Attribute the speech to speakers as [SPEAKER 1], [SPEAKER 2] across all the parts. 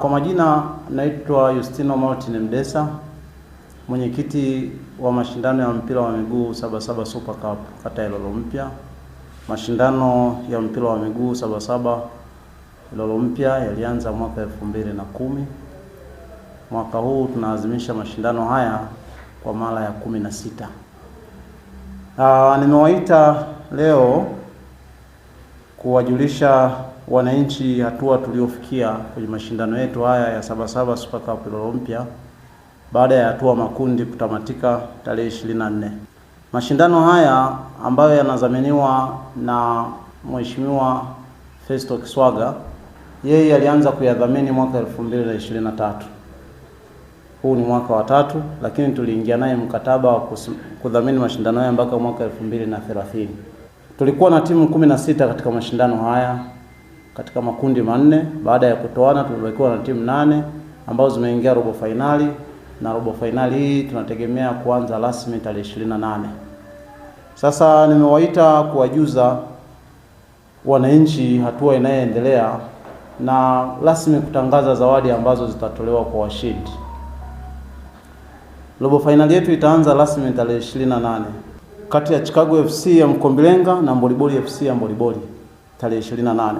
[SPEAKER 1] Kwa majina naitwa Yustino Martin Mdesa, mwenyekiti wa mashindano ya mpira wa miguu Sabasaba Super Cup kata ya Ilolo Mpya. Mashindano ya mpira wa miguu Sabasaba Ilolo Mpya yalianza mwaka elfu mbili na kumi. Mwaka huu tunaazimisha mashindano haya kwa mara ya kumi na sita. Ah, nimewaita leo kuwajulisha wananchi hatua tuliofikia kwenye mashindano yetu haya ya Sabasaba Super Cup Ilolo Mpya baada ya hatua makundi kutamatika tarehe 24. Mashindano haya ambayo yanadhaminiwa na Mheshimiwa Festo Kiswaga, yeye alianza kuyadhamini mwaka 2023. Huu ni mwaka wa tatu, lakini tuliingia naye mkataba wa kudhamini mashindano haya mpaka mwaka 2030. Tulikuwa na timu kumi na sita katika mashindano haya katika makundi manne. Baada ya kutoana, tumebakiwa na timu nane ambazo zimeingia robo fainali, na robo fainali hii tunategemea kuanza rasmi tarehe nane Sasa nimewaita kuwajuza wananchi hatua inayoendelea na rasmi kutangaza zawadi ambazo zitatolewa kwa washindi. Robo fainali yetu itaanza rasmi tarehe nane kati ya Chicago FC ya Mkombilenga na Mboliboli FC ya Mboliboli tarehe 28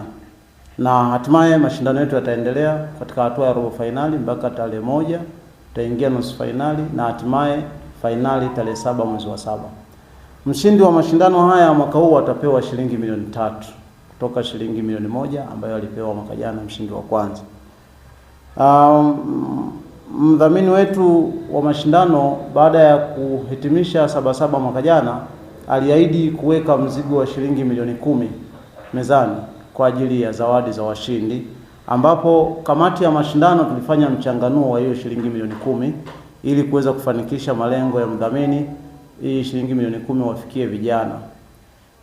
[SPEAKER 1] na hatimaye mashindano yetu yataendelea katika hatua ya robo fainali mpaka tarehe moja tutaingia nusu fainali na hatimaye fainali tarehe saba mwezi wa saba. Mshindi wa mashindano haya mwaka huu atapewa shilingi milioni tatu kutoka shilingi milioni moja ambayo alipewa mwaka jana mshindi wa kwanza. Um, mdhamini wetu wa mashindano baada ya kuhitimisha Sabasaba mwaka jana aliahidi kuweka mzigo wa shilingi milioni kumi mezani kwa ajili ya zawadi za washindi, ambapo kamati ya mashindano tulifanya mchanganuo wa hiyo shilingi milioni kumi ili kuweza kufanikisha malengo ya mdhamini. Hii shilingi milioni kumi wafikie vijana.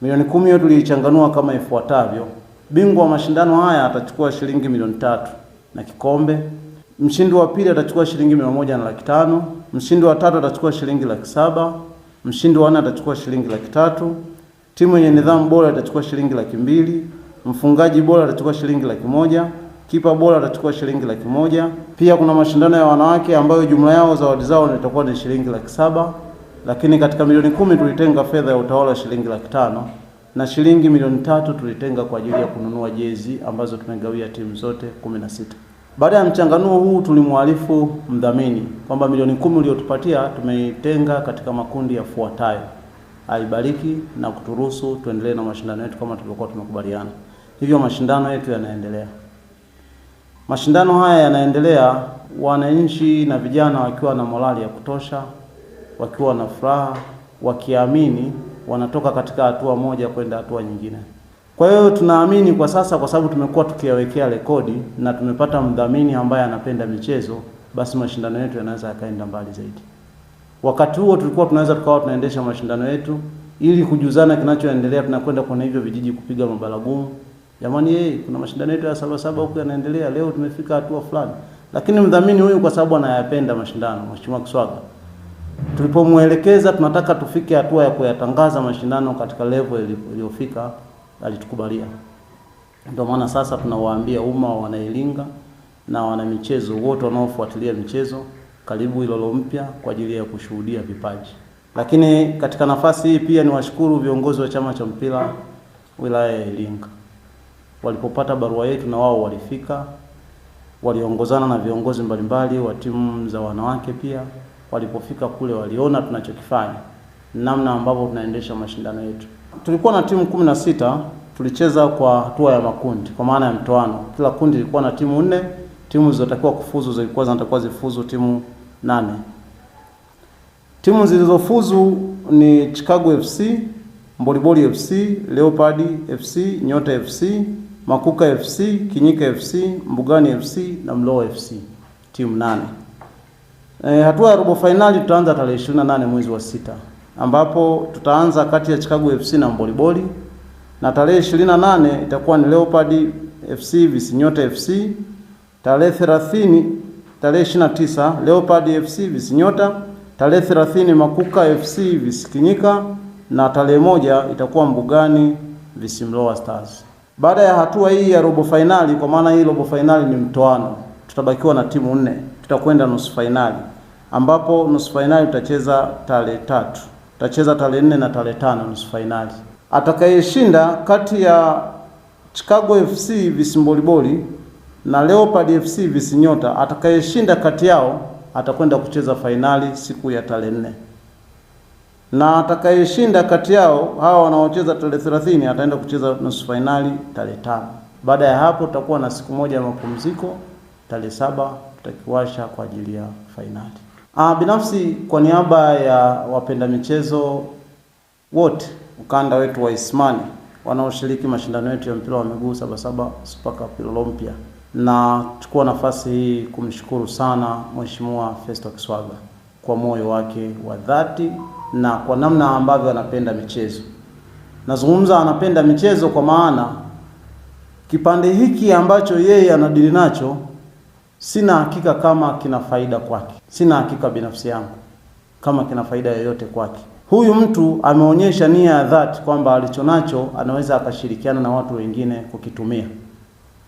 [SPEAKER 1] Milioni kumi hiyo tuliichanganua kama ifuatavyo: bingwa wa mashindano haya atachukua shilingi milioni tatu na kikombe Mshindi wa pili atachukua shilingi mia moja na laki tano. Mshindi wa tatu atachukua shilingi laki saba. Mshindi wa nne atachukua shilingi laki tatu. Timu yenye nidhamu bora itachukua shilingi laki mbili. Mfungaji bora atachukua shilingi laki moja. Kipa bora atachukua shilingi laki moja. Pia kuna mashindano ya wanawake ambayo jumla yao zawadi zao itakuwa ni shilingi laki saba, lakini katika milioni kumi tulitenga fedha ya utawala shilingi laki tano na shilingi milioni tatu tulitenga kwa ajili ya kununua jezi ambazo tumegawia timu zote kumi na sita. Baada ya mchanganuo huu tulimwarifu mdhamini kwamba milioni kumi uliyotupatia tumeitenga katika makundi yafuatayo. Aibariki na kuturuhusu tuendelee na mashindano yetu kama tulivyokuwa tumekubaliana. Hivyo mashindano yetu yanaendelea. Mashindano haya yanaendelea, wananchi na vijana wakiwa na morali ya kutosha, wakiwa na furaha, wakiamini wanatoka katika hatua moja kwenda hatua nyingine. Kwa hiyo tunaamini kwa sasa, kwa sababu tumekuwa tukiyawekea rekodi na tumepata mdhamini ambaye anapenda michezo, basi mashindano yetu yanaweza yakaenda mbali zaidi. Wakati huo tulikuwa tunaweza tukawa tunaendesha mashindano yetu ili kujuzana kinachoendelea, tunakwenda kwenye hivyo vijiji kupiga mabaragumu, jamani, hey, eh, kuna mashindano yetu ya saba saba huko yanaendelea, leo tumefika hatua fulani. Lakini mdhamini huyu kwa sababu anayapenda mashindano, Mheshimiwa Kiswaga, tulipomwelekeza tunataka tufike hatua ya kuyatangaza mashindano katika level iliyofika alitukubalia. Ndio maana sasa tunawaambia umma wanailinga na wana michezo wote wanaofuatilia michezo, karibu Ilolo mpya kwa ajili ya kushuhudia vipaji. Lakini katika nafasi hii pia niwashukuru viongozi wa chama cha mpira wilaya ya Iringa. Walipopata barua yetu na wao walifika, waliongozana na viongozi mbalimbali wa timu za wanawake. Pia walipofika kule, waliona tunachokifanya, namna ambavyo tunaendesha mashindano yetu tulikuwa na timu kumi na sita tulicheza kwa hatua ya makundi kwa maana ya mtoano. Kila kundi lilikuwa na timu nne, timu zilizotakiwa kufuzu zilikuwa zinatakiwa zifuzu timu nane. Timu zilizofuzu ni Chicago FC, Mboliboli FC, Leopard FC, Nyota FC, Makuka FC, Kinyika FC, Mbugani FC na Mlo FC, timu nane. E, hatua ya robo fainali tutaanza tarehe 28 mwezi wa sita ambapo tutaanza kati ya Chicago FC na Mboliboli na tarehe 28 itakuwa ni Leopard FC vs Nyota FC. Tarehe 30 tarehe 29 Leopard FC vs Nyota. tarehe 30 Makuka FC vs Kinyika, na tarehe moja itakuwa Mbugani vs Visimloa Stars. Baada ya hatua hii ya robo fainali, kwa maana hii robo fainali ni mtoano, tutabakiwa na timu nne, tutakwenda nusu fainali ambapo nusu fainali tutacheza tarehe tatu tacheza tarehe nne na tarehe tano nusu fainali. Atakayeshinda kati ya Chicago FC visimboliboli na Leopard FC visinyota, atakayeshinda kati yao atakwenda kucheza fainali siku ya tarehe nne na atakayeshinda kati yao hawa wanaocheza tarehe 30 ataenda kucheza nusu fainali tarehe tano. Baada ya hapo tutakuwa na siku moja ya mapumziko tarehe saba, tutakiwasha kwa ajili ya fainali. Ah, binafsi kwa niaba ya wapenda michezo wote ukanda wetu wa Ismani wanaoshiriki mashindano yetu ya mpira wa miguu Sabasaba Super Cup Lulompia, na chukua nafasi hii kumshukuru sana Mheshimiwa Festo Kiswaga kwa moyo wake wa dhati na kwa namna ambavyo anapenda michezo. Nazungumza anapenda michezo kwa maana kipande hiki ambacho yeye anadili nacho Sina hakika kama kina faida kwake, sina hakika binafsi yangu kama kina faida yoyote kwake. Huyu mtu ameonyesha nia ya dhati kwamba alichonacho anaweza akashirikiana na watu wengine kukitumia,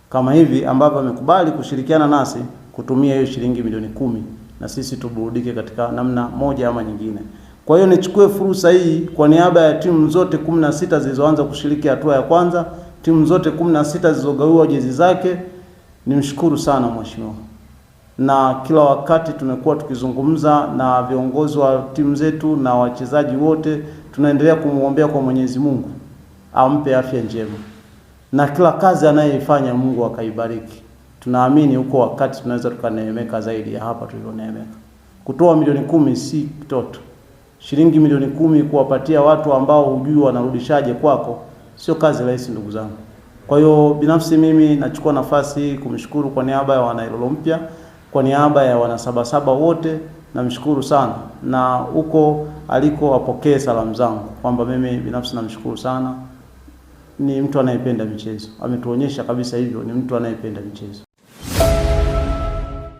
[SPEAKER 1] kama hivi ambapo amekubali kushirikiana nasi kutumia hiyo shilingi milioni kumi na sisi tuburudike katika namna moja ama nyingine. Kwa hiyo nichukue fursa hii kwa niaba ya timu zote kumi na sita zilizoanza kushiriki hatua ya kwanza, timu zote kumi na sita zilizogawiwa jezi zake Nimshukuru sana mheshimiwa, na kila wakati tumekuwa tukizungumza na viongozi wa timu zetu na wachezaji wote, tunaendelea kumwombea kwa Mwenyezi Mungu ampe afya njema, na kila kazi anayoifanya Mungu akaibariki. Tunaamini huko wakati tunaweza tukaneemeka zaidi ya hapa tulivyoneemeka. Kutoa milioni kumi si kitoto, shilingi milioni kumi kuwapatia watu ambao hujui wanarudishaje kwako sio kazi rahisi, ndugu zangu. Kwa hiyo binafsi mimi nachukua nafasi hii kumshukuru kwa niaba ya wanailolo mpya, kwa niaba ya wanasabasaba wote namshukuru sana, na huko aliko apokee salamu zangu kwamba mimi binafsi namshukuru sana. Ni mtu anayependa michezo, ametuonyesha kabisa hivyo, ni mtu anayependa michezo.